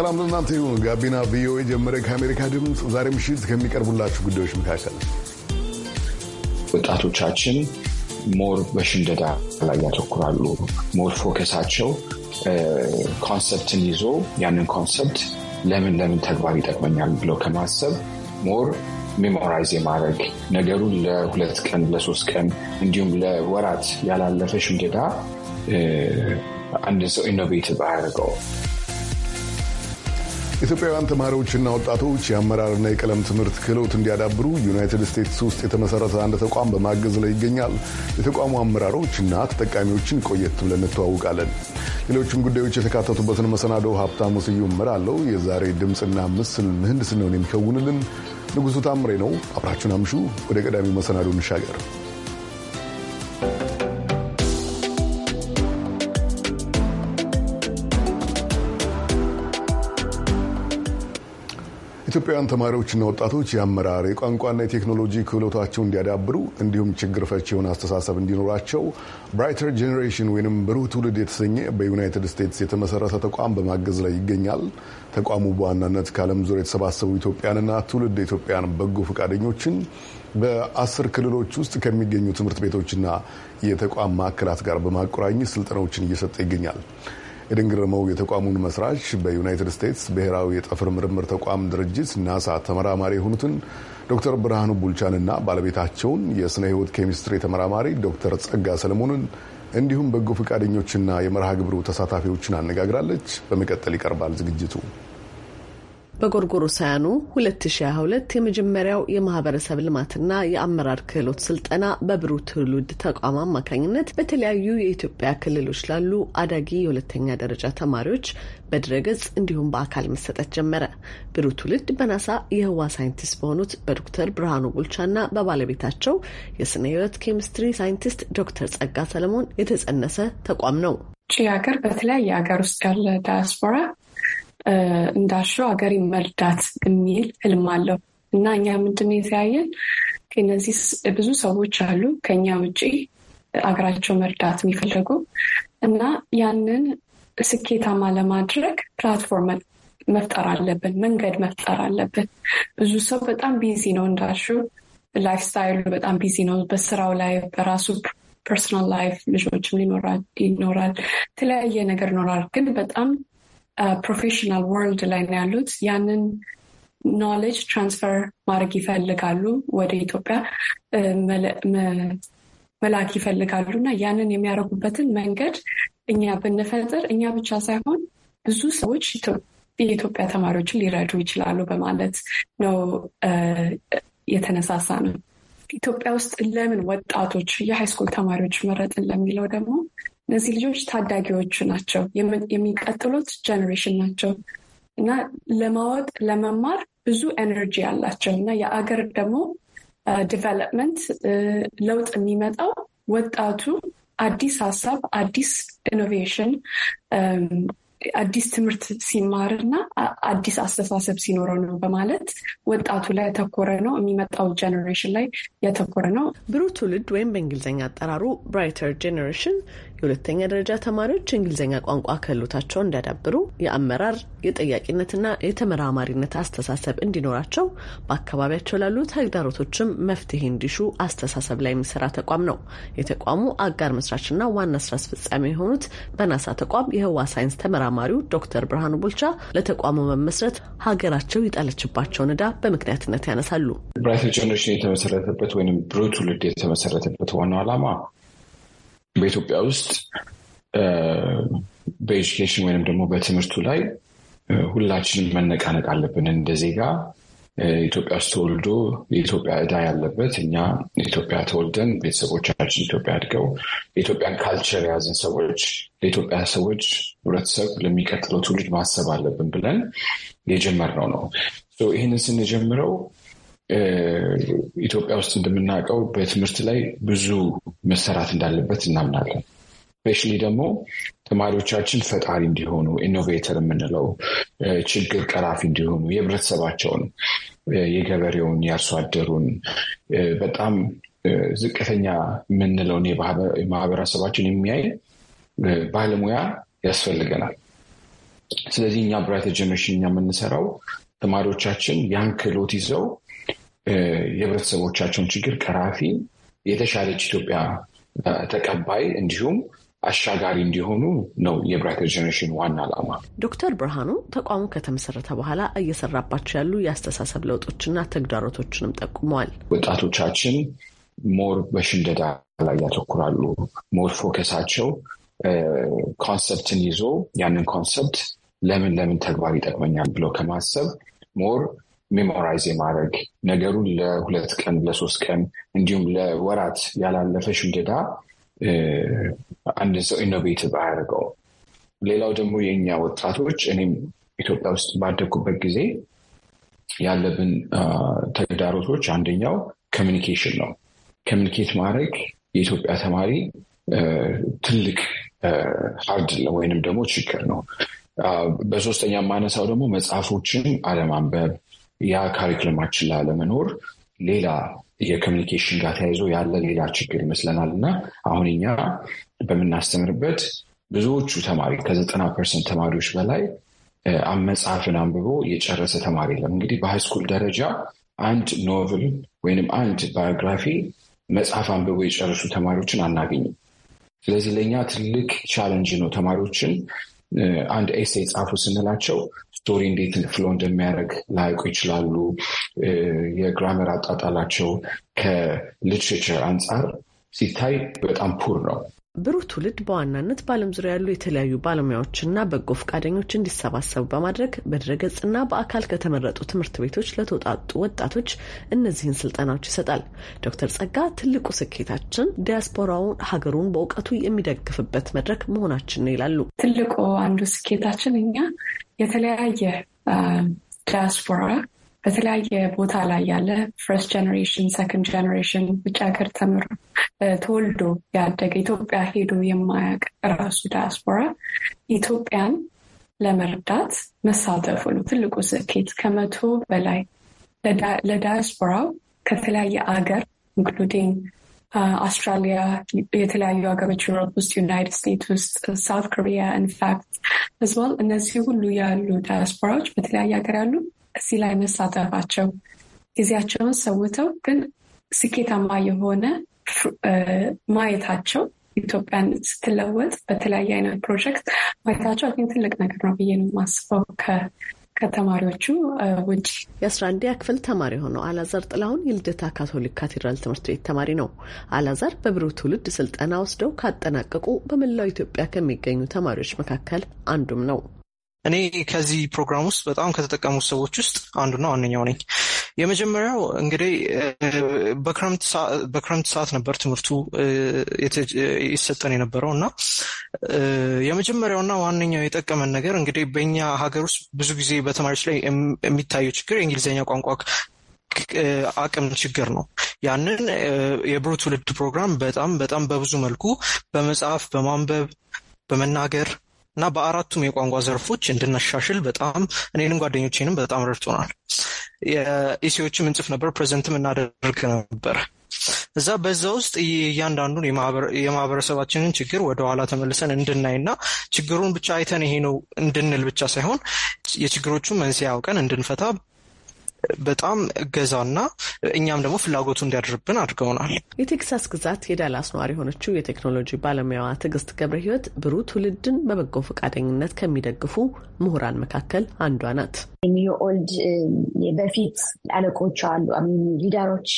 ሰላም ለእናንተ ይሁን። ጋቢና ቪኦኤ ጀመረ። ከአሜሪካ ድምፅ ዛሬ ምሽት ከሚቀርቡላችሁ ጉዳዮች መካከል ወጣቶቻችን ሞር በሽንደዳ ላይ ያተኩራሉ። ሞር ፎከሳቸው ኮንሰፕትን ይዞ ያንን ኮንሰፕት ለምን ለምን ተግባር ይጠቅመኛል ብለው ከማሰብ ሞር ሜሞራይዝ የማድረግ ነገሩን ለሁለት ቀን ለሶስት ቀን እንዲሁም ለወራት ያላለፈ ሽንደዳ አንድ ሰው ኢኖቬቲቭ አያደርገው። ኢትዮጵያውያን ተማሪዎችና ወጣቶች የአመራርና የቀለም ትምህርት ክህሎት እንዲያዳብሩ ዩናይትድ ስቴትስ ውስጥ የተመሰረተ አንድ ተቋም በማገዝ ላይ ይገኛል። የተቋሙ አመራሮችና ተጠቃሚዎችን ቆየት ብለን እንተዋውቃለን። ሌሎችም ጉዳዮች የተካተቱበትን መሰናዶ ሀብታሙ ስዩም እመራለሁ። የዛሬ ድምፅና ምስል ምህንድስናውን የሚከውንልን ንጉሱ ታምሬ ነው። አብራችሁን አምሹ። ወደ ቀዳሚው መሰናዶ እንሻገር። ኢትዮጵያውያን ተማሪዎችና ወጣቶች የአመራር የቋንቋና የቴክኖሎጂ ክህሎታቸው እንዲያዳብሩ እንዲሁም ችግር ፈች የሆነ አስተሳሰብ እንዲኖራቸው ብራይተር ጄኔሬሽን ወይም ብሩህ ትውልድ የተሰኘ በዩናይትድ ስቴትስ የተመሰረተ ተቋም በማገዝ ላይ ይገኛል። ተቋሙ በዋናነት ከዓለም ዙሪያ የተሰባሰቡ ኢትዮጵያንና ትውልድ ኢትዮጵያን በጎ ፈቃደኞችን በአስር ክልሎች ውስጥ ከሚገኙ ትምህርት ቤቶችና የተቋም ማዕከላት ጋር በማቆራኘት ስልጠናዎችን እየሰጠ ይገኛል። ኤደን የተቋሙን መስራች በዩናይትድ ስቴትስ ብሔራዊ የጠፈር ምርምር ተቋም ድርጅት ናሳ ተመራማሪ የሆኑትን ዶክተር ብርሃኑ ቡልቻንና ባለቤታቸውን የስነ ህይወት ኬሚስትሪ ተመራማሪ ዶክተር ጸጋ ሰለሞንን እንዲሁም በጎ ፈቃደኞችና የመርሃ ግብሩ ተሳታፊዎችን አነጋግራለች። በመቀጠል ይቀርባል ዝግጅቱ። ሳያኑ 2022 የመጀመሪያው የማህበረሰብ ልማትና የአመራር ክህሎት ስልጠና በብሩህ ትውልድ ተቋም አማካኝነት በተለያዩ የኢትዮጵያ ክልሎች ላሉ አዳጊ የሁለተኛ ደረጃ ተማሪዎች በድረገጽ እንዲሁም በአካል መሰጠት ጀመረ። ብሩህ ትውልድ በናሳ የህዋ ሳይንቲስት በሆኑት በዶክተር ብርሃኑ ቡልቻና በባለቤታቸው የስነ ህይወት ኬሚስትሪ ሳይንቲስት ዶክተር ጸጋ ሰለሞን የተጸነሰ ተቋም ነው። ውጭ ሀገር በተለያየ ሀገር ውስጥ ያለ ዳያስፖራ እንዳልሽው ሀገር መርዳት የሚል ህልም አለው እና እኛ ምንድን የተያየን እነዚህ ብዙ ሰዎች አሉ ከኛ ውጪ አገራቸው መርዳት የሚፈልጉ እና ያንን ስኬታማ ለማድረግ ፕላትፎርም መፍጠር አለብን፣ መንገድ መፍጠር አለብን። ብዙ ሰው በጣም ቢዚ ነው እንዳሹ ላይፍ ስታይሉ በጣም ቢዚ ነው በስራው ላይ በራሱ ፐርሶናል ላይፍ ልጆችም ይኖራል፣ የተለያየ ነገር ይኖራል። ግን በጣም ፕሮፌሽናል ወርልድ ላይ ነው ያሉት። ያንን ኖሌጅ ትራንስፈር ማድረግ ይፈልጋሉ፣ ወደ ኢትዮጵያ መላክ ይፈልጋሉ እና ያንን የሚያደርጉበትን መንገድ እኛ ብንፈጥር እኛ ብቻ ሳይሆን ብዙ ሰዎች የኢትዮጵያ ተማሪዎችን ሊረዱ ይችላሉ በማለት ነው የተነሳሳ ነው። ኢትዮጵያ ውስጥ ለምን ወጣቶች የሃይስኩል ተማሪዎች መረጥን ለሚለው ደግሞ እነዚህ ልጆች ታዳጊዎቹ ናቸው፣ የሚቀጥሉት ጀኔሬሽን ናቸው እና ለማወቅ ለመማር ብዙ ኤነርጂ አላቸው እና የአገር ደግሞ ዲቨሎፕመንት ለውጥ የሚመጣው ወጣቱ አዲስ ሀሳብ፣ አዲስ ኢኖቬሽን፣ አዲስ ትምህርት ሲማር እና አዲስ አስተሳሰብ ሲኖረው ነው በማለት ወጣቱ ላይ ያተኮረ ነው። የሚመጣው ጀኔሬሽን ላይ ያተኮረ ነው። ብሩህ ትውልድ ወይም በእንግሊዝኛ አጠራሩ ብራይተር ጀኔሬሽን የሁለተኛ ደረጃ ተማሪዎች እንግሊዝኛ ቋንቋ ክህሎታቸውን እንዲያዳብሩ የአመራር የጠያቂነትና የተመራማሪነት አስተሳሰብ እንዲኖራቸው በአካባቢያቸው ላሉ ተግዳሮቶችም መፍትሄ እንዲሹ አስተሳሰብ ላይ የሚሰራ ተቋም ነው። የተቋሙ አጋር መስራችና ዋና ስራ አስፈጻሚ የሆኑት በናሳ ተቋም የህዋ ሳይንስ ተመራማሪው ዶክተር ብርሃኑ ቦልቻ ለተቋሙ መመስረት ሀገራቸው የጣለችባቸውን እዳ በምክንያትነት ያነሳሉ። ብራይት ጀነሬሽን የተመሰረተበት ወይም ብሩህ ትውልድ የተመሰረተበት ዋናው ዓላማ በኢትዮጵያ ውስጥ በኤጁኬሽን ወይም ደግሞ በትምህርቱ ላይ ሁላችንም መነቃነቅ አለብን። እንደ ዜጋ ኢትዮጵያ ውስጥ ተወልዶ የኢትዮጵያ እዳ ያለበት እኛ ኢትዮጵያ ተወልደን ቤተሰቦቻችን ኢትዮጵያ አድገው የኢትዮጵያን ካልቸር የያዝን ሰዎች ለኢትዮጵያ ሰዎች ህብረተሰብ ለሚቀጥለው ትውልድ ማሰብ አለብን ብለን የጀመርነው ነው። ይህንን ስንጀምረው ኢትዮጵያ ውስጥ እንደምናውቀው በትምህርት ላይ ብዙ መሰራት እንዳለበት እናምናለን። ስፔሻሊ ደግሞ ተማሪዎቻችን ፈጣሪ እንዲሆኑ ኢኖቬተር የምንለው ችግር ቀራፊ እንዲሆኑ የህብረተሰባቸውን፣ የገበሬውን፣ የአርሶ አደሩን በጣም ዝቅተኛ የምንለውን የማህበረሰባችን የሚያይ ባለሙያ ያስፈልገናል። ስለዚህ እኛ ብራይት ጀኔሬሽን እኛ የምንሰራው ተማሪዎቻችን ያን ክህሎት ይዘው የህብረተሰቦቻቸውን ችግር ቀራፊ የተሻለች ኢትዮጵያ ተቀባይ እንዲሁም አሻጋሪ እንዲሆኑ ነው የብራይተር ጀኔሬሽን ዋና አላማ። ዶክተር ብርሃኑ ተቋሙ ከተመሰረተ በኋላ እየሰራባቸው ያሉ የአስተሳሰብ ለውጦችና ተግዳሮቶችንም ጠቁመዋል። ወጣቶቻችን ሞር በሽንደዳ ላይ ያተኩራሉ። ሞር ፎከሳቸው ኮንሰፕትን ይዞ ያንን ኮንሰፕት ለምን ለምን ተግባር ይጠቅመኛል ብለው ከማሰብ ሞር ሜሞራይዝ የማድረግ ነገሩን ለሁለት ቀን ለሶስት ቀን እንዲሁም ለወራት ያላለፈ ሽምደዳ አንድ ሰው ኢኖቬቲቭ አያደርገው። ሌላው ደግሞ የእኛ ወጣቶች እኔም ኢትዮጵያ ውስጥ ባደግኩበት ጊዜ ያለብን ተግዳሮቶች አንደኛው ኮሚኒኬሽን ነው። ኮሚኒኬት ማድረግ የኢትዮጵያ ተማሪ ትልቅ ሀርድ ወይንም ደግሞ ችግር ነው። በሶስተኛ የማነሳው ደግሞ መጽሐፎችን አለማንበብ ያ ካሪክለማችን ለመኖር ሌላ የኮሚኒኬሽን ጋር ተያይዞ ያለ ሌላ ችግር ይመስለናል እና አሁን እኛ በምናስተምርበት ብዙዎቹ ተማሪ ከዘጠና ፐርሰንት ተማሪዎች በላይ መጽሐፍን አንብቦ የጨረሰ ተማሪ የለም። እንግዲህ በሃይስኩል ደረጃ አንድ ኖቭል ወይንም አንድ ባዮግራፊ መጽሐፍ አንብቦ የጨረሱ ተማሪዎችን አናገኝም። ስለዚህ ለእኛ ትልቅ ቻለንጅ ነው። ተማሪዎችን አንድ ኤሴ ጻፉ ስንላቸው ስቶሪ እንዴት ፍሎ እንደሚያደርግ ላያውቁ ይችላሉ። የግራመር አጣጣላቸው ከሊትሬቸር አንጻር ሲታይ በጣም ፑር ነው። ብሩህ ትውልድ በዋናነት በዓለም ዙሪያ ያሉ የተለያዩ ባለሙያዎችና በጎ ፈቃደኞች እንዲሰባሰቡ በማድረግ በድረገጽና በአካል ከተመረጡ ትምህርት ቤቶች ለተውጣጡ ወጣቶች እነዚህን ስልጠናዎች ይሰጣል። ዶክተር ጸጋ ትልቁ ስኬታችን ዲያስፖራውን ሀገሩን በእውቀቱ የሚደግፍበት መድረክ መሆናችን ነው ይላሉ። ትልቁ አንዱ ስኬታችን እኛ የተለያየ ዲያስፖራ በተለያየ ቦታ ላይ ያለ ፈርስት ጀኔሬሽን ሰከንድ ጀኔሬሽን ውጭ ሀገር ተምሮ ተወልዶ ያደገ ኢትዮጵያ ሄዶ የማያውቅ ራሱ ዲያስፖራ ኢትዮጵያን ለመርዳት መሳተፉ ነው ትልቁ ስኬት። ከመቶ በላይ ለዳያስፖራው ከተለያየ አገር ኢንክሉዲንግ አውስትራሊያ፣ የተለያዩ ሀገሮች ዩሮፕ ውስጥ፣ ዩናይትድ ስቴትስ ውስጥ፣ ሳውት ኮሪያ ኢንፋክት እዝዋል እነዚህ ሁሉ ያሉ ዳያስፖራዎች በተለያየ ሀገር ያሉ እዚህ ላይ መሳተፋቸው ጊዜያቸውን ሰውተው ግን ስኬታማ የሆነ ማየታቸው ኢትዮጵያን ስትለወጥ በተለያየ አይነት ፕሮጀክት ማየታቸው አን ትልቅ ነገር ነው ብዬ ነው የማስበው። ከተማሪዎቹ ውጭ የአስራ አንደኛ ክፍል ተማሪ የሆነው አላዛር ጥላሁን የልደታ ካቶሊክ ካቴድራል ትምህርት ቤት ተማሪ ነው። አላዛር በብሩህ ትውልድ ስልጠና ወስደው ካጠናቀቁ በመላው ኢትዮጵያ ከሚገኙ ተማሪዎች መካከል አንዱም ነው። እኔ ከዚህ ፕሮግራም ውስጥ በጣም ከተጠቀሙት ሰዎች ውስጥ አንዱና ዋነኛው ነኝ። የመጀመሪያው እንግዲህ በክረምት ሰዓት ነበር ትምህርቱ ይሰጠን የነበረው እና የመጀመሪያውና ዋነኛው የጠቀመን ነገር እንግዲህ በኛ ሀገር ውስጥ ብዙ ጊዜ በተማሪዎች ላይ የሚታየው ችግር የእንግሊዝኛ ቋንቋ አቅም ችግር ነው። ያንን የብሩህ ትውልድ ፕሮግራም በጣም በጣም በብዙ መልኩ በመጽሐፍ፣ በማንበብ፣ በመናገር እና በአራቱም የቋንቋ ዘርፎች እንድናሻሽል በጣም እኔንም ጓደኞቼንም በጣም ረድቶናል። የኢሲዎችም እንጽፍ ነበር፣ ፕሬዘንትም እናደርግ ነበር። እዛ በዛ ውስጥ እያንዳንዱን የማህበረሰባችንን ችግር ወደኋላ ተመልሰን እንድናይና ችግሩን ብቻ አይተን ይሄ ነው እንድንል ብቻ ሳይሆን የችግሮቹን መንስኤ አውቀን እንድንፈታ በጣም እገዛና እኛም ደግሞ ፍላጎቱ እንዲያድርብን አድርገውናል። የቴክሳስ ግዛት የዳላስ ነዋሪ የሆነችው የቴክኖሎጂ ባለሙያዋ ትዕግስት ገብረ ህይወት ብሩህ ትውልድን በበጎ ፈቃደኝነት ከሚደግፉ ምሁራን መካከል አንዷ ናት። የኦልድ በፊት አለቆች አሉ ሊደሮች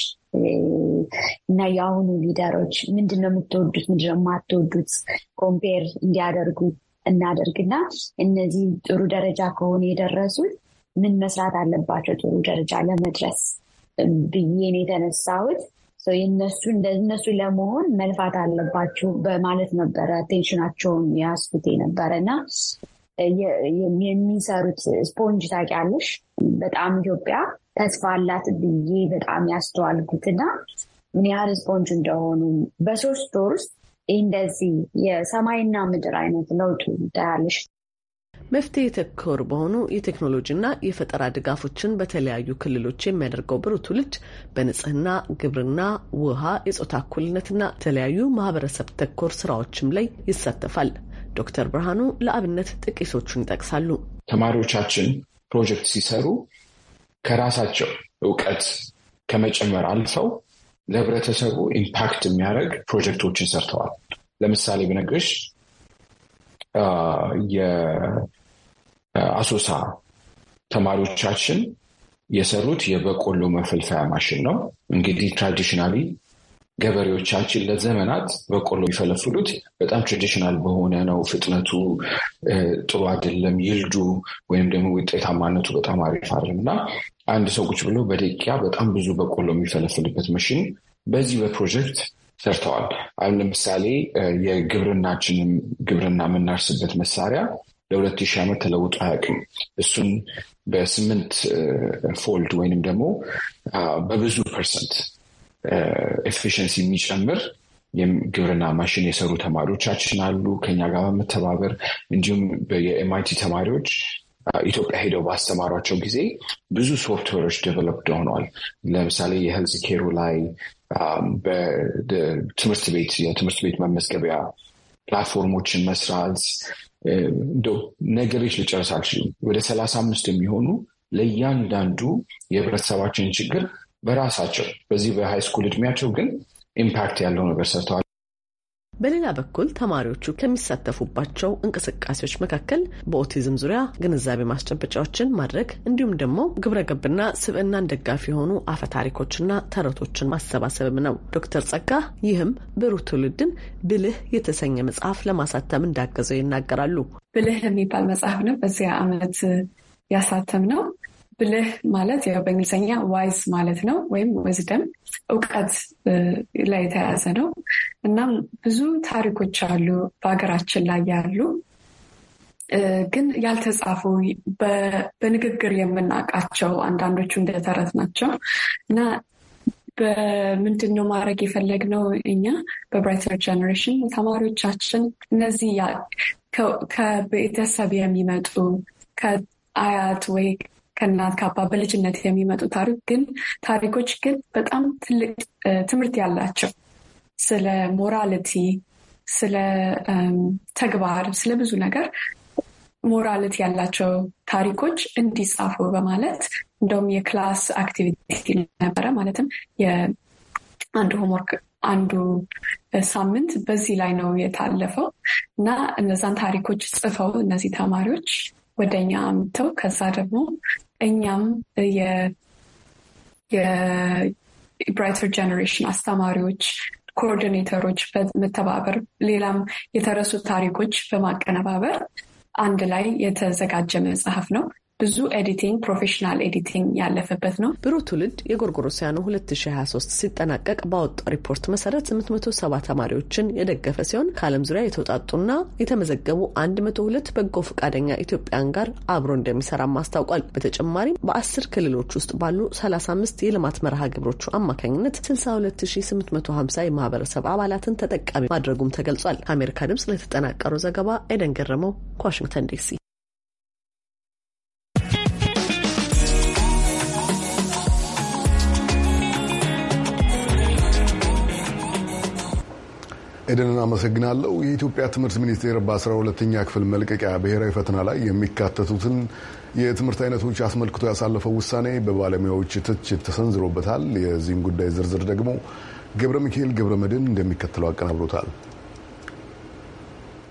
እና የአሁኑ ሊደሮች ምንድን ነው የምትወዱት፣ ምንድን ነው የማትወዱት ኮምፔር እንዲያደርጉ እናደርግና እነዚህ ጥሩ ደረጃ ከሆኑ የደረሱት ምን መስራት አለባቸው ጥሩ ደረጃ ለመድረስ ብዬን የተነሳሁት የነሱ እንደነሱ ለመሆን መልፋት አለባቸው በማለት ነበረ ቴንሽናቸውን ያስፉት ነበረ እና የሚሰሩት ስፖንጅ ታውቂያለሽ፣ በጣም ኢትዮጵያ ተስፋ አላት ብዬ በጣም ያስተዋልኩት እና ምን ያህል ስፖንጅ እንደሆኑ በሶስት ወር ውስጥ እንደዚህ የሰማይና ምድር አይነት ለውጥ ታያለሽ። መፍትሄ ተኮር በሆኑ የቴክኖሎጂና የፈጠራ ድጋፎችን በተለያዩ ክልሎች የሚያደርገው ብሩህ ትውልድ በንጽህና፣ ግብርና፣ ውሃ፣ የጾታ እኩልነትና የተለያዩ ማህበረሰብ ተኮር ስራዎችም ላይ ይሳተፋል። ዶክተር ብርሃኑ ለአብነት ጥቂቶቹን ይጠቅሳሉ። ተማሪዎቻችን ፕሮጀክት ሲሰሩ ከራሳቸው እውቀት ከመጨመር አልፈው ለህብረተሰቡ ኢምፓክት የሚያደርግ ፕሮጀክቶችን ሰርተዋል። ለምሳሌ ብነግርሽ አሶሳ ተማሪዎቻችን የሰሩት የበቆሎ መፈልፈያ ማሽን ነው። እንግዲህ ትራዲሽናሊ ገበሬዎቻችን ለዘመናት በቆሎ የሚፈለፍሉት በጣም ትራዲሽናል በሆነ ነው። ፍጥነቱ ጥሩ አይደለም፣ ይልዱ ወይም ደግሞ ውጤታማነቱ በጣም አሪፍ አይደለም እና አንድ ሰው ቁጭ ብሎ በደቂቃ በጣም ብዙ በቆሎ የሚፈለፍልበት መሽን በዚህ በፕሮጀክት ሰርተዋል። አሁን ለምሳሌ የግብርናችንም ግብርና የምናርስበት መሳሪያ ለሁለት ሺህ ዓመት ተለውጦ አያውቅም። እሱን በስምንት ፎልድ ወይንም ደግሞ በብዙ ፐርሰንት ኤፊሽንሲ የሚጨምር የግብርና ማሽን የሰሩ ተማሪዎቻችን አሉ ከኛ ጋር በመተባበር እንዲሁም የኤምአይቲ ተማሪዎች ኢትዮጵያ ሄደው ባስተማሯቸው ጊዜ ብዙ ሶፍትዌሮች ዴቨሎፕድ ሆነዋል። ለምሳሌ የሄልዝ ኬሩ ላይ በትምህርት ቤት የትምህርት ቤት መመዝገቢያ ፕላትፎርሞችን መስራት እንደው ነገሮች ልጨርስ አልችልም። ወደ ሰላሳ አምስት የሚሆኑ ለእያንዳንዱ የህብረተሰባችን ችግር በራሳቸው በዚህ በሃይስኩል እድሜያቸው ግን ኢምፓክት ያለው ነገር ሰርተዋል። በሌላ በኩል ተማሪዎቹ ከሚሳተፉባቸው እንቅስቃሴዎች መካከል በኦቲዝም ዙሪያ ግንዛቤ ማስጨበጫዎችን ማድረግ እንዲሁም ደግሞ ግብረ ገብና ስብዕናን ደጋፊ የሆኑ አፈታሪኮችና ተረቶችን ማሰባሰብም ነው። ዶክተር ጸጋ ይህም ብሩህ ትውልድን ብልህ የተሰኘ መጽሐፍ ለማሳተም እንዳገዘው ይናገራሉ። ብልህ የሚባል መጽሐፍ ነው በዚያ ዓመት ያሳተም ነው። ብልህ ማለት ያው በእንግሊዝኛ ዋይዝ ማለት ነው፣ ወይም ወዝደም እውቀት ላይ የተያያዘ ነው። እናም ብዙ ታሪኮች አሉ በሀገራችን ላይ ያሉ ግን ያልተጻፉ በንግግር የምናውቃቸው አንዳንዶቹ እንደተረት ናቸው እና በምንድን ነው ማድረግ የፈለግነው እኛ በብራይተር ጀኔሬሽን ተማሪዎቻችን እነዚህ ከቤተሰብ የሚመጡ ከአያት ወይ ከእናት ከአባ በልጅነት የሚመጡ ታሪክ ግን ታሪኮች ግን በጣም ትልቅ ትምህርት ያላቸው ስለ ሞራልቲ፣ ስለ ተግባር፣ ስለ ብዙ ነገር ሞራልቲ ያላቸው ታሪኮች እንዲጻፉ በማለት እንደውም የክላስ አክቲቪቲ ነበረ። ማለትም የአንዱ ሆምወርክ አንዱ ሳምንት በዚህ ላይ ነው የታለፈው እና እነዛን ታሪኮች ጽፈው እነዚህ ተማሪዎች ወደኛ አምተው ከዛ ደግሞ እኛም የብራይተር ጀኔሬሽን አስተማሪዎች፣ ኮኦርዲኔተሮች በመተባበር ሌላም የተረሱ ታሪኮች በማቀነባበር አንድ ላይ የተዘጋጀ መጽሐፍ ነው። ብዙ ኤዲቲንግ ፕሮፌሽናል ኤዲቲንግ ያለፈበት ነው። ብሩህ ትውልድ የጎርጎሮሲያኑ 2023 ሲጠናቀቅ ባወጣው ሪፖርት መሰረት 870 ተማሪዎችን የደገፈ ሲሆን ከዓለም ዙሪያ የተውጣጡና የተመዘገቡ 102 በጎ ፈቃደኛ ኢትዮጵያን ጋር አብሮ እንደሚሰራም አስታውቋል። በተጨማሪም በአስር ክልሎች ውስጥ ባሉ 35 የልማት መርሃ ግብሮቹ አማካኝነት 62850 የማህበረሰብ አባላትን ተጠቃሚ ማድረጉም ተገልጿል። ከአሜሪካ ድምጽ ለተጠናቀረው ዘገባ ኤደን ገረመው ከዋሽንግተን ዲሲ ኤደንን አመሰግናለሁ። የኢትዮጵያ ትምህርት ሚኒስቴር በአስራ ሁለተኛ ክፍል መልቀቂያ ብሔራዊ ፈተና ላይ የሚካተቱትን የትምህርት አይነቶች አስመልክቶ ያሳለፈው ውሳኔ በባለሙያዎች ትችት ተሰንዝሮበታል። የዚህን ጉዳይ ዝርዝር ደግሞ ገብረ ሚካኤል ገብረ መድን እንደሚከተለው አቀናብሮታል።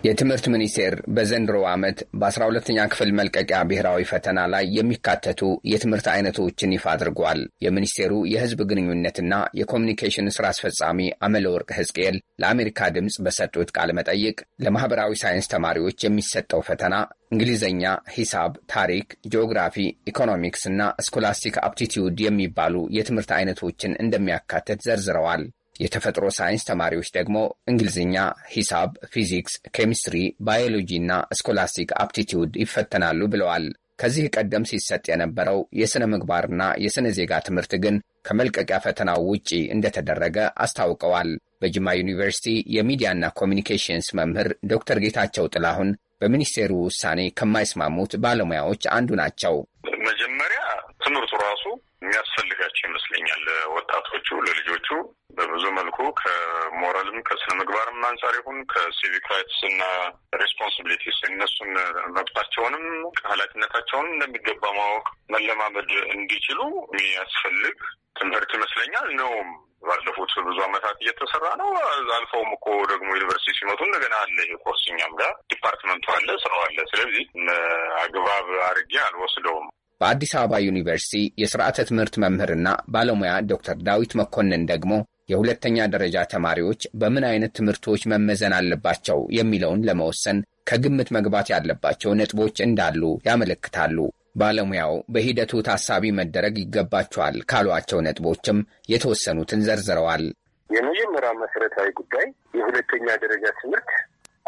የትምህርት ሚኒስቴር በዘንድሮ ዓመት በ12ኛ ክፍል መልቀቂያ ብሔራዊ ፈተና ላይ የሚካተቱ የትምህርት አይነቶችን ይፋ አድርጓል። የሚኒስቴሩ የህዝብ ግንኙነትና የኮሚኒኬሽን ሥራ አስፈጻሚ አመለወርቅ ሕዝቅኤል ለአሜሪካ ድምፅ በሰጡት ቃለ መጠይቅ ለማኅበራዊ ሳይንስ ተማሪዎች የሚሰጠው ፈተና እንግሊዝኛ፣ ሂሳብ፣ ታሪክ፣ ጂኦግራፊ፣ ኢኮኖሚክስ እና ስኮላስቲክ አፕቲቲዩድ የሚባሉ የትምህርት አይነቶችን እንደሚያካትት ዘርዝረዋል። የተፈጥሮ ሳይንስ ተማሪዎች ደግሞ እንግሊዝኛ፣ ሂሳብ፣ ፊዚክስ፣ ኬሚስትሪ፣ ባዮሎጂ እና ስኮላስቲክ አፕቲቲዩድ ይፈተናሉ ብለዋል። ከዚህ ቀደም ሲሰጥ የነበረው የሥነ ምግባርና የሥነ ዜጋ ትምህርት ግን ከመልቀቂያ ፈተናው ውጪ እንደተደረገ አስታውቀዋል። በጅማ ዩኒቨርሲቲ የሚዲያና ኮሚኒኬሽንስ መምህር ዶክተር ጌታቸው ጥላሁን በሚኒስቴሩ ውሳኔ ከማይስማሙት ባለሙያዎች አንዱ ናቸው። መጀመሪያ ትምህርቱ ራሱ የሚያስፈልጋቸው ይመስለኛል። ወጣቶቹ ለልጆቹ በብዙ መልኩ ከሞራልም ከስነ ምግባርም አንጻር ይሁን ከሲቪክ ራይትስ እና ሬስፖንሲቢሊቲስ እነሱን መብታቸውንም ኃላፊነታቸውን እንደሚገባ ማወቅ መለማመድ እንዲችሉ የሚያስፈልግ ትምህርት ይመስለኛል ነውም ባለፉት ብዙ ዓመታት እየተሰራ ነው። አልፈውም እኮ ደግሞ ዩኒቨርሲቲ ሲመጡ እንደገና አለ ይሄ ኮርስ እኛም ጋር ዲፓርትመንቱ አለ፣ ስራው አለ። ስለዚህ አግባብ አድርጌ አልወስደውም። በአዲስ አበባ ዩኒቨርሲቲ የስርዓተ ትምህርት መምህርና ባለሙያ ዶክተር ዳዊት መኮንን ደግሞ የሁለተኛ ደረጃ ተማሪዎች በምን አይነት ትምህርቶች መመዘን አለባቸው የሚለውን ለመወሰን ከግምት መግባት ያለባቸው ነጥቦች እንዳሉ ያመለክታሉ። ባለሙያው በሂደቱ ታሳቢ መደረግ ይገባቸዋል ካሏቸው ነጥቦችም የተወሰኑትን ዘርዝረዋል። የመጀመሪያ መሰረታዊ ጉዳይ የሁለተኛ ደረጃ ትምህርት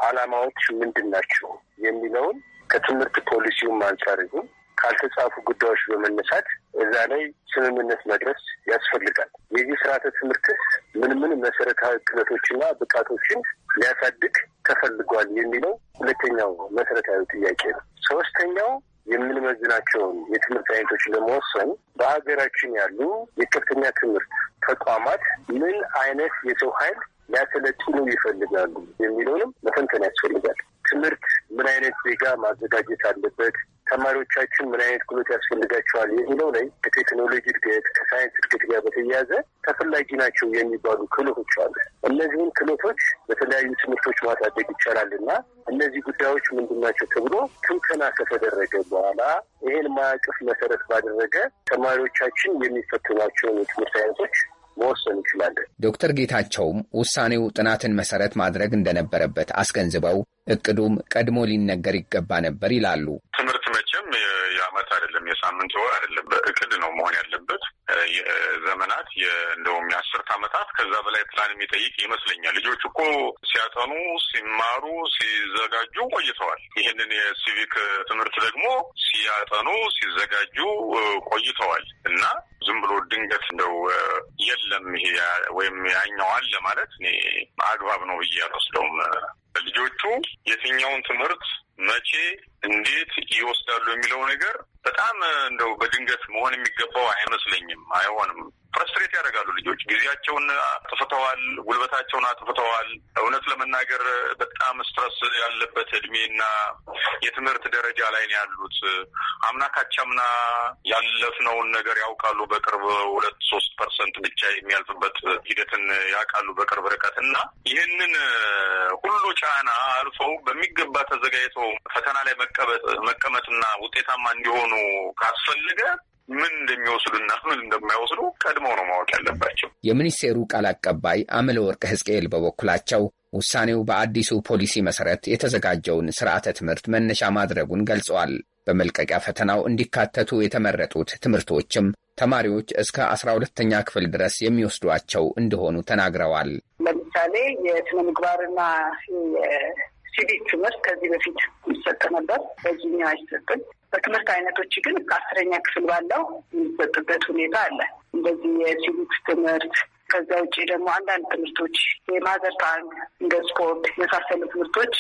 ዓላማዎች ምንድን ናቸው የሚለውን ከትምህርት ፖሊሲውም አንጻር ይሁን ካልተጻፉ ጉዳዮች በመነሳት እዛ ላይ ስምምነት መድረስ ያስፈልጋል። የዚህ ስርዓተ ትምህርትስ ምን ምን መሰረታዊ ክለቶችና ብቃቶችን ሊያሳድግ ተፈልጓል የሚለው ሁለተኛው መሰረታዊ ጥያቄ ነው። ሶስተኛው የምንመዝናቸውን የትምህርት አይነቶች ለመወሰን በሀገራችን ያሉ የከፍተኛ ትምህርት ተቋማት ምን አይነት የሰው ኃይል ሊያሰለጥኑ ይፈልጋሉ የሚለውንም መተንተን ያስፈልጋል። ትምህርት ምን አይነት ዜጋ ማዘጋጀት አለበት? ተማሪዎቻችን ምን አይነት ክህሎት ያስፈልጋቸዋል የሚለው ላይ ከቴክኖሎጂ እድገት ከሳይንስ እድገት ጋር በተያያዘ ተፈላጊ ናቸው የሚባሉ ክህሎቶች አሉ። እነዚህን ክህሎቶች በተለያዩ ትምህርቶች ማሳደግ ይቻላል እና እነዚህ ጉዳዮች ምንድን ናቸው ተብሎ ትንተና ከተደረገ በኋላ ይህን ማዕቀፍ መሰረት ባደረገ ተማሪዎቻችን የሚፈትኗቸውን የትምህርት አይነቶች መወሰን እንችላለን። ዶክተር ጌታቸውም ውሳኔው ጥናትን መሰረት ማድረግ እንደነበረበት አስገንዝበው እቅዱም ቀድሞ ሊነገር ይገባ ነበር ይላሉ። ሳምንት ወር አይደለም፣ እቅድ ነው መሆን ያለበት። የዘመናት እንደውም የአስርት ዓመታት ከዛ በላይ ፕላን የሚጠይቅ ይመስለኛል። ልጆች እኮ ሲያጠኑ፣ ሲማሩ፣ ሲዘጋጁ ቆይተዋል። ይህንን የሲቪክ ትምህርት ደግሞ ሲያጠኑ፣ ሲዘጋጁ ቆይተዋል እና ዝም ብሎ ድንገት እንደው የለም ይሄ ወይም ያኛው አለ ማለት እኔ አግባብ ነው ብዬ አልወስደውም። ልጆቹ የትኛውን ትምህርት መቼ፣ እንዴት ይወስዳሉ የሚለው ነገር በጣም እንደው በድንገት መሆን የሚገባው አይመስለኝም፣ አይሆንም። ፍረስትሬት ያደርጋሉ። ልጆች ጊዜያቸውን አጥፍተዋል፣ ጉልበታቸውን አጥፍተዋል። እውነት ለመናገር በጣም ስትረስ ያለበት እድሜና የትምህርት ደረጃ ላይ ነው ያሉት። አምና ካቻምና ያለፍነውን ነገር ያውቃሉ። በቅርብ ሁለት ሶስት ፐርሰንት ብቻ የሚያልፍበት ሂደትን ያውቃሉ በቅርብ ርቀት እና ይህንን ሁሉ ጫና አልፈው በሚገባ ተዘጋጅተው ፈተና ላይ መቀመጥና ውጤታማ እንዲሆኑ ካስፈለገ ምን እንደሚወስዱና ምን እንደማይወስዱ ቀድመው ነው ማወቅ ያለባቸው። የሚኒስቴሩ ቃል አቀባይ ወርቅ ህዝቅኤል በበኩላቸው ውሳኔው በአዲሱ ፖሊሲ መሰረት የተዘጋጀውን ስርዓተ ትምህርት መነሻ ማድረጉን ገልጸዋል። በመልቀቂያ ፈተናው እንዲካተቱ የተመረጡት ትምህርቶችም ተማሪዎች እስከ አስራ ሁለተኛ ክፍል ድረስ የሚወስዷቸው እንደሆኑ ተናግረዋል። ለምሳሌ የስነ ምግባርና ሲቪክ ትምህርት ከዚህ በፊት ይሰጥ ነበር፣ በዚህኛው አይሰጥም። በትምህርት አይነቶች ግን እስከ አስረኛ ክፍል ባለው የሚሰጥበት ሁኔታ አለ። እንደዚህ የሲቪክስ ትምህርት ከዛ ውጭ ደግሞ አንዳንድ ትምህርቶች የማዘር እንደ ስፖርት የመሳሰሉ ትምህርቶች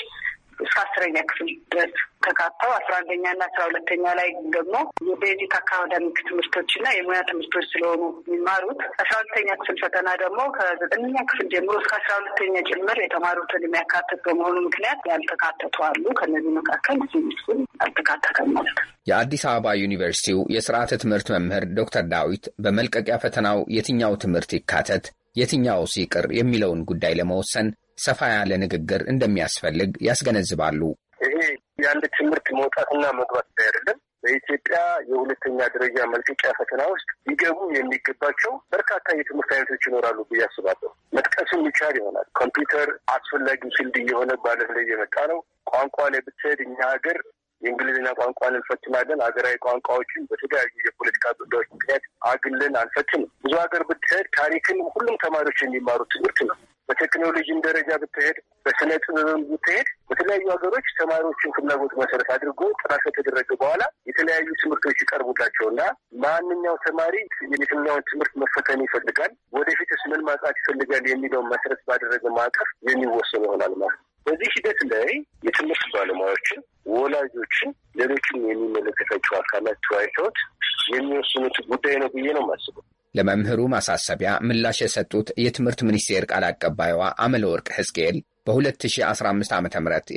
እስከ አስረኛ ክፍል ድረስ ተካተው አስራ አንደኛ ና አስራ ሁለተኛ ላይ ደግሞ የቤዚክ አካዳሚክ ትምህርቶች ና የሙያ ትምህርቶች ስለሆኑ የሚማሩት አስራ ሁለተኛ ክፍል ፈተና ደግሞ ከዘጠነኛ ክፍል ጀምሮ እስከ አስራ ሁለተኛ ጭምር የተማሩትን የሚያካትት በመሆኑ ምክንያት ያልተካተቱ አሉ። ከነዚህ መካከል ሲሚስን አልተካተተም ማለት ነው። የአዲስ አበባ ዩኒቨርሲቲው የስርዓተ ትምህርት መምህር ዶክተር ዳዊት በመልቀቂያ ፈተናው የትኛው ትምህርት ይካተት የትኛው ሲቅር የሚለውን ጉዳይ ለመወሰን ሰፋ ያለ ንግግር እንደሚያስፈልግ ያስገነዝባሉ። ይሄ የአንድ ትምህርት መውጣትና መግባት አይደለም። በኢትዮጵያ የሁለተኛ ደረጃ መልቀቂያ ፈተና ውስጥ ሊገቡ የሚገባቸው በርካታ የትምህርት አይነቶች ይኖራሉ ብዬ አስባለሁ። መጥቀስ የሚቻል ይሆናል። ኮምፒውተር አስፈላጊ ፊልድ እየሆነ ባለም ላይ እየመጣ ነው። ቋንቋ ላይ ብትሄድ እኛ ሀገር የእንግሊዝኛ ቋንቋን እንፈትናለን። ሀገራዊ ቋንቋዎችን በተለያዩ የፖለቲካ ጉዳዮች ምክንያት አግልን አንፈትንም። ብዙ ሀገር ብትሄድ ታሪክን ሁሉም ተማሪዎች የሚማሩት ትምህርት ነው። በቴክኖሎጂም ደረጃ ብትሄድ፣ በስነ ጥበብም ብትሄድ በተለያዩ ሀገሮች ተማሪዎችን ፍላጎት መሰረት አድርጎ ጥናት ከተደረገ በኋላ የተለያዩ ትምህርቶች ይቀርቡላቸው እና ማንኛው ተማሪ የትኛውን ትምህርት መፈተን ይፈልጋል፣ ወደፊትስ ምን ማጣት ይፈልጋል የሚለውን መሰረት ባደረገ ማዕቀፍ የሚወሰን ይሆናል ማለት ነው። በዚህ ሂደት ላይ የትምህርት ባለሙያዎችን፣ ወላጆችን፣ ሌሎችም የሚመለከታቸው አካላት ተወያይተውት የሚወስኑት ጉዳይ ነው ብዬ ነው የማስበው። ለመምህሩ ማሳሰቢያ ምላሽ የሰጡት የትምህርት ሚኒስቴር ቃል አቀባይዋ አመለወርቅ ሕዝቅኤል በ2015 ዓ ም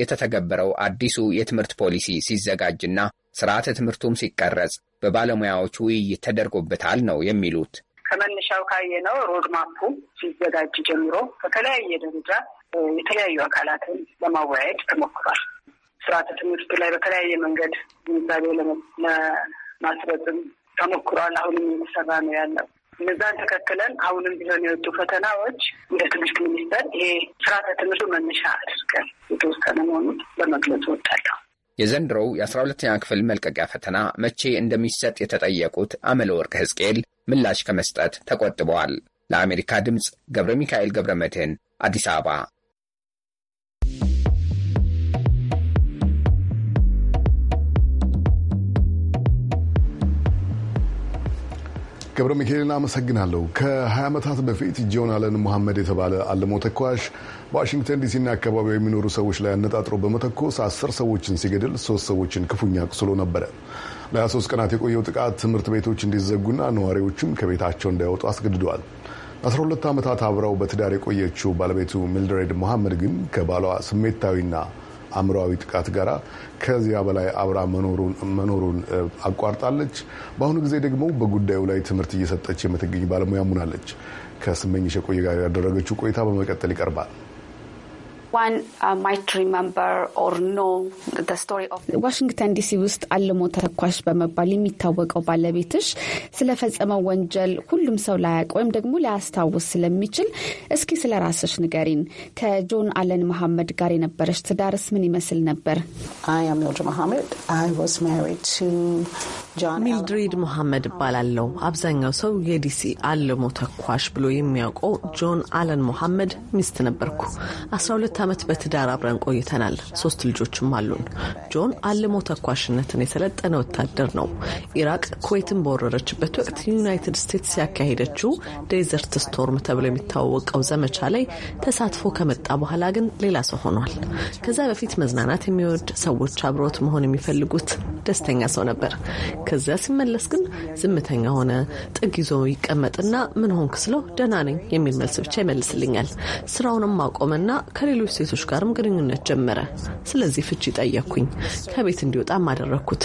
የተተገበረው አዲሱ የትምህርት ፖሊሲ ሲዘጋጅና ስርዓተ ትምህርቱም ሲቀረጽ በባለሙያዎች ውይይት ተደርጎበታል ነው የሚሉት። ከመነሻው ካየነው ሮድማፑ ሲዘጋጅ ጀምሮ በተለያየ ደረጃ የተለያዩ አካላትን ለማወያየት ተሞክሯል። ስርዓተ ትምህርቱ ላይ በተለያየ መንገድ ምሳሌ ለማስረጽም ተሞክሯል። አሁንም እየተሰራ ነው ያለው። እነዛን ተከትለን አሁንም ቢሆን የወጡ ፈተናዎች እንደ ትምህርት ሚኒስቴር ይሄ ስርዓተ ትምህርቱ መነሻ አድርገን የተወሰነ መሆኑን በመግለጽ ወጣለሁ። የዘንድሮው የአስራ ሁለተኛ ክፍል መልቀቂያ ፈተና መቼ እንደሚሰጥ የተጠየቁት አመለ ወርቅ ህዝቅኤል ምላሽ ከመስጠት ተቆጥበዋል። ለአሜሪካ ድምፅ ገብረ ሚካኤል ገብረ መድህን አዲስ አበባ ገብረ ሚካኤልን አመሰግናለሁ። ከ20 ዓመታት በፊት ጆን አለን መሐመድ የተባለ አልሞ ተኳሽ በዋሽንግተን ዲሲና አካባቢው የሚኖሩ ሰዎች ላይ አነጣጥሮ በመተኮስ አስር ሰዎችን ሲገድል ሶስት ሰዎችን ክፉኛ ቁስሎ ነበረ። ለ23 ቀናት የቆየው ጥቃት ትምህርት ቤቶች እንዲዘጉና ነዋሪዎችም ከቤታቸው እንዳይወጡ አስገድደዋል። 12 ዓመታት አብረው በትዳር የቆየችው ባለቤቱ ሚልድሬድ መሐመድ ግን ከባሏ ስሜታዊና አእምሮዊ ጥቃት ጋር ከዚያ በላይ አብራ መኖሩን አቋርጣለች። በአሁኑ ጊዜ ደግሞ በጉዳዩ ላይ ትምህርት እየሰጠች የምትገኝ ባለሙያ ሙናለች። ከስመኝ ሸቆይ ጋር ያደረገችው ቆይታ በመቀጠል ይቀርባል። Uh, ዋሽንግተን ዲሲ ውስጥ አልሞ ተተኳሽ በመባል የሚታወቀው ባለቤትሽ ስለፈጸመው ወንጀል ሁሉም ሰው ላያውቅ ወይም ደግሞ ላያስታውስ ስለሚችል እስኪ ስለ ራስሽ ንገሪን። ከጆን አለን መሐመድ ጋር የነበረች ትዳርስ ምን ይመስል ነበር? ሚልድሪድ መሐመድ እባላለሁ። አብዛኛው ሰው የዲሲ አልሞ ተኳሽ ብሎ የሚያውቀው ጆን አለን መሐመድ ሚስት ነበርኩ። 12 ዓመት በትዳር አብረን ቆይተናል። ሶስት ልጆችም አሉን። ጆን አልሞ ተኳሽነትን የሰለጠነ ወታደር ነው። ኢራቅ ኩዌትን በወረረችበት ወቅት ዩናይትድ ስቴትስ ያካሄደችው ዴዘርት ስቶርም ተብሎ የሚታወቀው ዘመቻ ላይ ተሳትፎ ከመጣ በኋላ ግን ሌላ ሰው ሆኗል። ከዛ በፊት መዝናናት የሚወድ ሰዎች አብሮት መሆን የሚፈልጉት ደስተኛ ሰው ነበር። ከዚያ ሲመለስ ግን ዝምተኛ ሆነ። ጥግ ይዞ ይቀመጥና ምን ሆንክ ስለው ደህና ነኝ የሚል መልስ ብቻ ይመልስልኛል። ስራውንም አቆመና ከሌሎ ከሌሎች ሴቶች ጋርም ግንኙነት ጀመረ። ስለዚህ ፍቺ ጠየቅኩኝ። ከቤት እንዲወጣም አደረግኩት።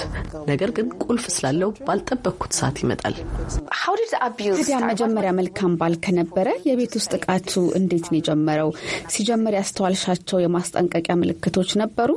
ነገር ግን ቁልፍ ስላለው ባልጠበቅኩት ሰዓት ይመጣል። ታዲያ መጀመሪያ መልካም ባል ከነበረ የቤት ውስጥ ጥቃቱ እንዴት ነው የጀመረው? ሲጀምር ያስተዋልሻቸው የማስጠንቀቂያ ምልክቶች ነበሩ?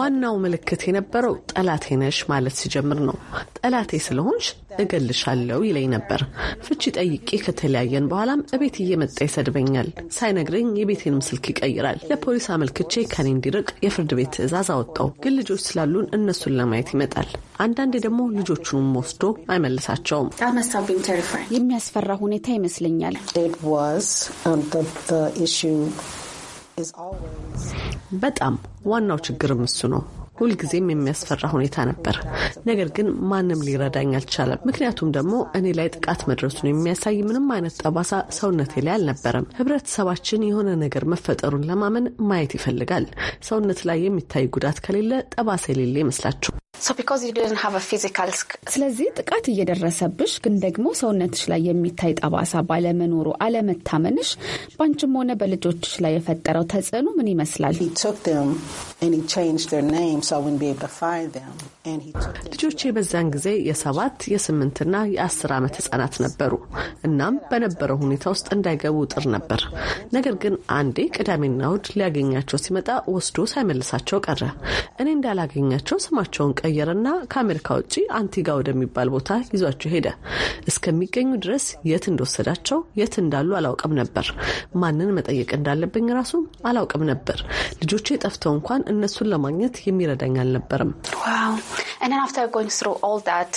ዋናው ምልክት የነበረው ጠላቴ ነሽ ማለት ሲጀምር ነው። ጠላቴ ስለሆንሽ እገልሻለሁ ይለኝ ነበር። ፍቺ ጠይቄ ከተለያየን በኋላም እቤት እየመጣ ይሰድበኛል። ሳይነግረኝ የቤቴንም ስልክ ይቀይራል። ለፖሊስ አመልክቼ ከኔ እንዲርቅ የፍርድ ቤት ትዕዛዝ አወጣው። ግን ልጆች ስላሉን እነሱን ለማየት ይመጣል። አንዳንዴ ደግሞ ልጆቹንም ወስዶ አይመልሳቸውም። የሚያስፈራ ሁኔታ ይመስለኛል። በጣም ዋናው ችግርም እሱ ነው። ሁልጊዜም የሚያስፈራ ሁኔታ ነበር። ነገር ግን ማንም ሊረዳኝ አልቻለም። ምክንያቱም ደግሞ እኔ ላይ ጥቃት መድረሱን የሚያሳይ ምንም አይነት ጠባሳ ሰውነቴ ላይ አልነበረም። ህብረተሰባችን የሆነ ነገር መፈጠሩን ለማመን ማየት ይፈልጋል። ሰውነት ላይ የሚታይ ጉዳት ከሌለ ጠባሳ የሌለ ይመስላችሁ ስለዚህ ጥቃት እየደረሰብሽ ግን ደግሞ ሰውነትሽ ላይ የሚታይ ጠባሳ ባለመኖሩ አለመታመንሽ በአንቺም ሆነ በልጆችሽ ላይ የፈጠረው ተጽዕኖ ምን ይመስላል? ልጆቼ በዛን ጊዜ የሰባት የስምንትና የአስር ዓመት ህጻናት ነበሩ። እናም በነበረው ሁኔታ ውስጥ እንዳይገቡ ጥር ነበር። ነገር ግን አንዴ ቅዳሜና እሁድ ሊያገኛቸው ሲመጣ ወስዶ ሳይመልሳቸው ቀረ። እኔ እንዳላገኛቸው ስማቸውን ቀየረና ከአሜሪካ ውጭ አንቲጋ ወደሚባል ቦታ ይዟቸው ሄደ። እስከሚገኙ ድረስ የት እንደወሰዳቸው የት እንዳሉ አላውቅም ነበር። ማንን መጠየቅ እንዳለብኝ ራሱም አላውቅም ነበር። ልጆቼ ጠፍተው እንኳን እነሱን ለማግኘት የሚረዳኝ አልነበርም። Mm-hmm.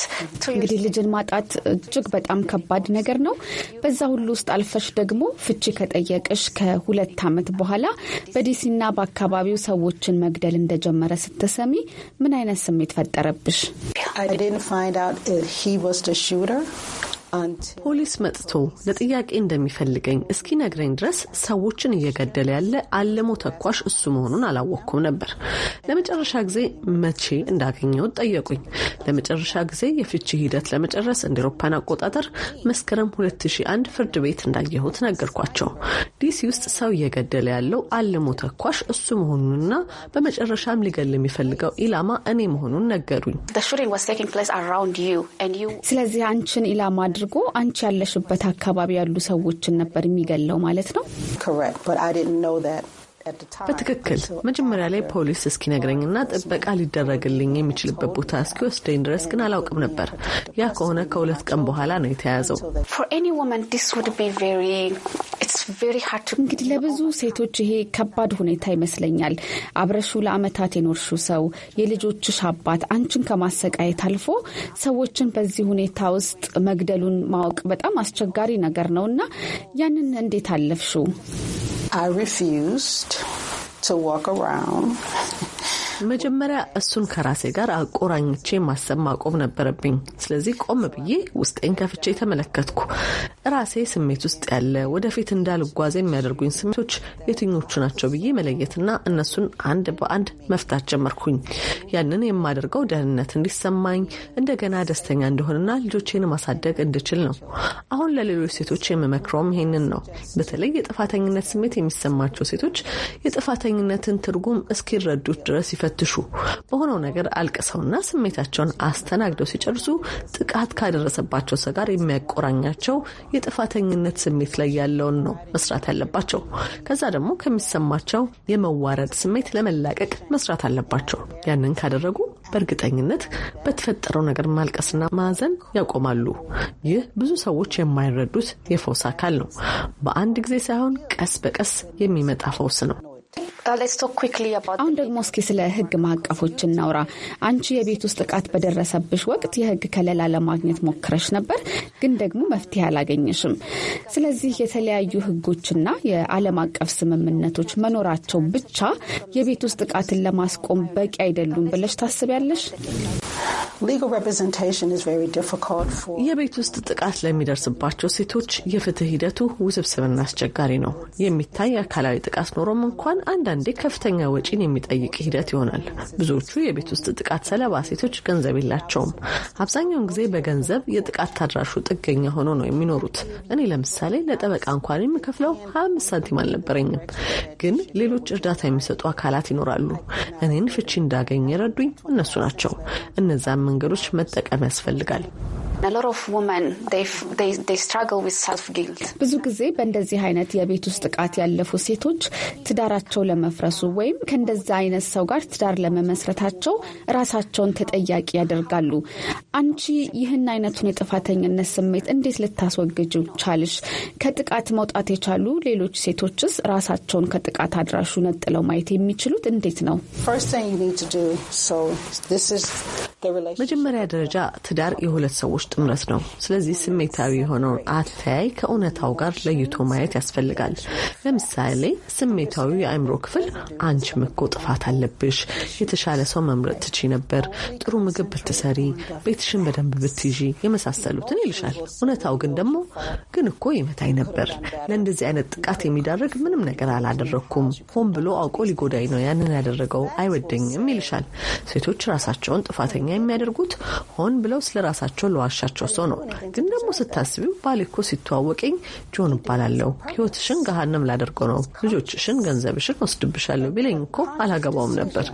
እንግዲህ ልጅን ማጣት እጅግ በጣም ከባድ ነገር ነው። በዛ ሁሉ ውስጥ አልፈሽ ደግሞ ፍቺ ከጠየቅሽ ከሁለት ዓመት በኋላ በዲሲና በአካባቢው ሰዎችን መግደል እንደጀመረ ስትሰሚ ምን አይነት ስሜት ፈጠረብሽ? ፖሊስ መጥቶ ለጥያቄ እንደሚፈልገኝ እስኪ ነግረኝ ድረስ ሰዎችን እየገደለ ያለ አለሞ ተኳሽ እሱ መሆኑን አላወቅኩም ነበር። ለመጨረሻ ጊዜ መቼ እንዳገኘሁት ጠየቁኝ። ለመጨረሻ ጊዜ የፍቺ ሂደት ለመጨረስ እንደ አውሮፓን አቆጣጠር መስከረም 2001 ፍርድ ቤት እንዳየሁት ነገርኳቸው። ዲሲ ውስጥ ሰው እየገደለ ያለው አለሞ ተኳሽ እሱ መሆኑንና በመጨረሻም ሊገል የሚፈልገው ኢላማ እኔ መሆኑን ነገሩኝ። ስለዚህ አንቺን ኢላማ አድርጎ አንቺ ያለሽበት አካባቢ ያሉ ሰዎችን ነበር የሚገለው ማለት ነው? በትክክል መጀመሪያ ላይ ፖሊስ እስኪነግረኝና ጥበቃ ሊደረግልኝ የሚችልበት ቦታ እስኪወስደኝ ድረስ ግን አላውቅም ነበር። ያ ከሆነ ከሁለት ቀን በኋላ ነው የተያዘው። እንግዲህ ለብዙ ሴቶች ይሄ ከባድ ሁኔታ ይመስለኛል። አብረሹ ለአመታት የኖርሹ ሰው የልጆችሽ አባት አንቺን ከማሰቃየት አልፎ ሰዎችን በዚህ ሁኔታ ውስጥ መግደሉን ማወቅ በጣም አስቸጋሪ ነገር ነው እና ያንን እንዴት አለፍሹ? I refused. to walk around መጀመሪያ እሱን ከራሴ ጋር አቆራኝቼ ማሰብ ማቆም ነበረብኝ። ስለዚህ ቆም ብዬ ውስጤን ከፍቼ ተመለከትኩ። ራሴ ስሜት ውስጥ ያለ ወደፊት እንዳልጓዝ የሚያደርጉኝ ስሜቶች የትኞቹ ናቸው ብዬ መለየትና እነሱን አንድ በአንድ መፍታት ጀመርኩኝ። ያንን የማደርገው ደህንነት እንዲሰማኝ እንደገና ደስተኛ እንደሆንና ልጆቼን ማሳደግ እንድችል ነው። አሁን ለሌሎች ሴቶች የምመክረውም ይሄንን ነው። በተለይ የጥፋተኝነት ስሜት የሚሰማቸው ሴቶች የጥፋተኝነትን ትርጉም እስኪረዱት ድረስ ይፈ ፈትሹ በሆነው ነገር አልቅሰውና ስሜታቸውን አስተናግደው ሲጨርሱ ጥቃት ካደረሰባቸው ሰው ጋር የሚያቆራኛቸው የጥፋተኝነት ስሜት ላይ ያለውን ነው መስራት ያለባቸው። ከዛ ደግሞ ከሚሰማቸው የመዋረድ ስሜት ለመላቀቅ መስራት አለባቸው። ያንን ካደረጉ በእርግጠኝነት በተፈጠረው ነገር ማልቀስና ማዘን ያቆማሉ። ይህ ብዙ ሰዎች የማይረዱት የፈውስ አካል ነው። በአንድ ጊዜ ሳይሆን ቀስ በቀስ የሚመጣ ፈውስ ነው። አሁን ደግሞ እስኪ ስለ ህግ ማዕቀፎች እናውራ። አንቺ የቤት ውስጥ ጥቃት በደረሰብሽ ወቅት የህግ ከለላ ለማግኘት ሞክረሽ ነበር፣ ግን ደግሞ መፍትሄ አላገኘሽም። ስለዚህ የተለያዩ ህጎችና የዓለም አቀፍ ስምምነቶች መኖራቸው ብቻ የቤት ውስጥ ጥቃትን ለማስቆም በቂ አይደሉም ብለሽ ታስቢያለሽ? የቤት ውስጥ ጥቃት ለሚደርስባቸው ሴቶች የፍትህ ሂደቱ ውስብስብና አስቸጋሪ ነው። የሚታይ አካላዊ ጥቃት ኖሮም እንኳን አንዳንዴ ከፍተኛ ወጪን የሚጠይቅ ሂደት ይሆናል። ብዙዎቹ የቤት ውስጥ ጥቃት ሰለባ ሴቶች ገንዘብ የላቸውም። አብዛኛውን ጊዜ በገንዘብ የጥቃት ታድራሹ ጥገኛ ሆኖ ነው የሚኖሩት። እኔ ለምሳሌ ለጠበቃ እንኳን የምከፍለው ሀያ አምስት ሳንቲም አልነበረኝም። ግን ሌሎች እርዳታ የሚሰጡ አካላት ይኖራሉ። እኔን ፍቺ እንዳገኝ የረዱኝ እነሱ ናቸው። እነዛም መንገዶች መጠቀም ያስፈልጋል። ብዙ ጊዜ በእንደዚህ አይነት የቤት ውስጥ ጥቃት ያለፉ ሴቶች ትዳራቸው ለመፍረሱ ወይም ከእንደዚ አይነት ሰው ጋር ትዳር ለመመስረታቸው ራሳቸውን ተጠያቂ ያደርጋሉ። አንቺ ይህን አይነቱን የጥፋተኝነት ስሜት እንዴት ልታስወግጅ ቻልሽ? ከጥቃት መውጣት የቻሉ ሌሎች ሴቶችስ ራሳቸውን ከጥቃት አድራሹ ነጥለው ማየት የሚችሉት እንዴት ነው? መጀመሪያ ደረጃ ትዳር የሁለት ሰዎች ጥምረት ነው። ስለዚህ ስሜታዊ የሆነውን አተያይ ከእውነታው ጋር ለይቶ ማየት ያስፈልጋል። ለምሳሌ ስሜታዊ የአእምሮ ክፍል አንቺም እኮ ጥፋት አለብሽ፣ የተሻለ ሰው መምረጥ ትቺ ነበር፣ ጥሩ ምግብ ብትሰሪ፣ ቤትሽን በደንብ ብትይዢ የመሳሰሉትን ይልሻል። እውነታው ግን ደግሞ ግን እኮ ይመታኝ ነበር፣ ለእንደዚህ አይነት ጥቃት የሚዳርግ ምንም ነገር አላደረግኩም፣ ሆን ብሎ አውቆ ሊጎዳኝ ነው ያንን ያደረገው፣ አይወደኝም ይልሻል። ሴቶች ራሳቸውን ጥፋተኛ የሚያደርጉት ሆን ብለው ስለ ራሳቸው ለዋሻቸው ሰው ነው። ግን ደግሞ ስታስቢው ባሌ እኮ ሲተዋወቀኝ ጆን እባላለሁ፣ ህይወትሽን ገሃነም ላደርገው ነው፣ ልጆችሽን፣ ገንዘብሽን ወስድብሻለሁ ቢለኝ እኮ አላገባውም ነበር።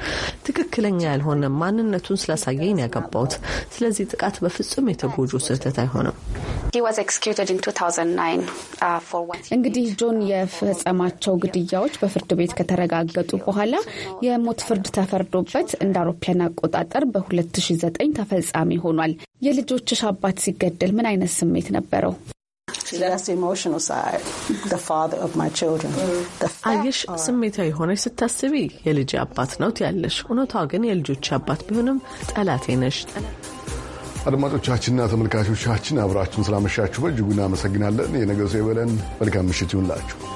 ትክክለኛ ያልሆነ ማንነቱን ስላሳየኝ ያገባውት። ስለዚህ ጥቃት በፍጹም የተጎጆ ስህተት አይሆንም። uh, እንግዲህ ጆን የፈጸማቸው ግድያዎች በፍርድ ቤት ከተረጋገጡ በኋላ የሞት ፍርድ ተፈርዶበት እንደ አውሮፓውያን አቆጣጠር በ2000 2009 ተፈጻሚ ሆኗል። የልጆችሽ አባት ሲገደል ምን አይነት ስሜት ነበረው? አየሽ ስሜታዊ ሆነሽ ስታስቢ የልጅ አባት ነው ትያለሽ። እውነቷ ግን የልጆች አባት ቢሆንም ጠላቴ ነሽ። አድማጮቻችንና ተመልካቾቻችን አብራችሁን ስላመሻችሁ በእጅጉ እናመሰግናለን። የነገ ሰው ይበለን። መልካም ምሽት ይሁንላችሁ።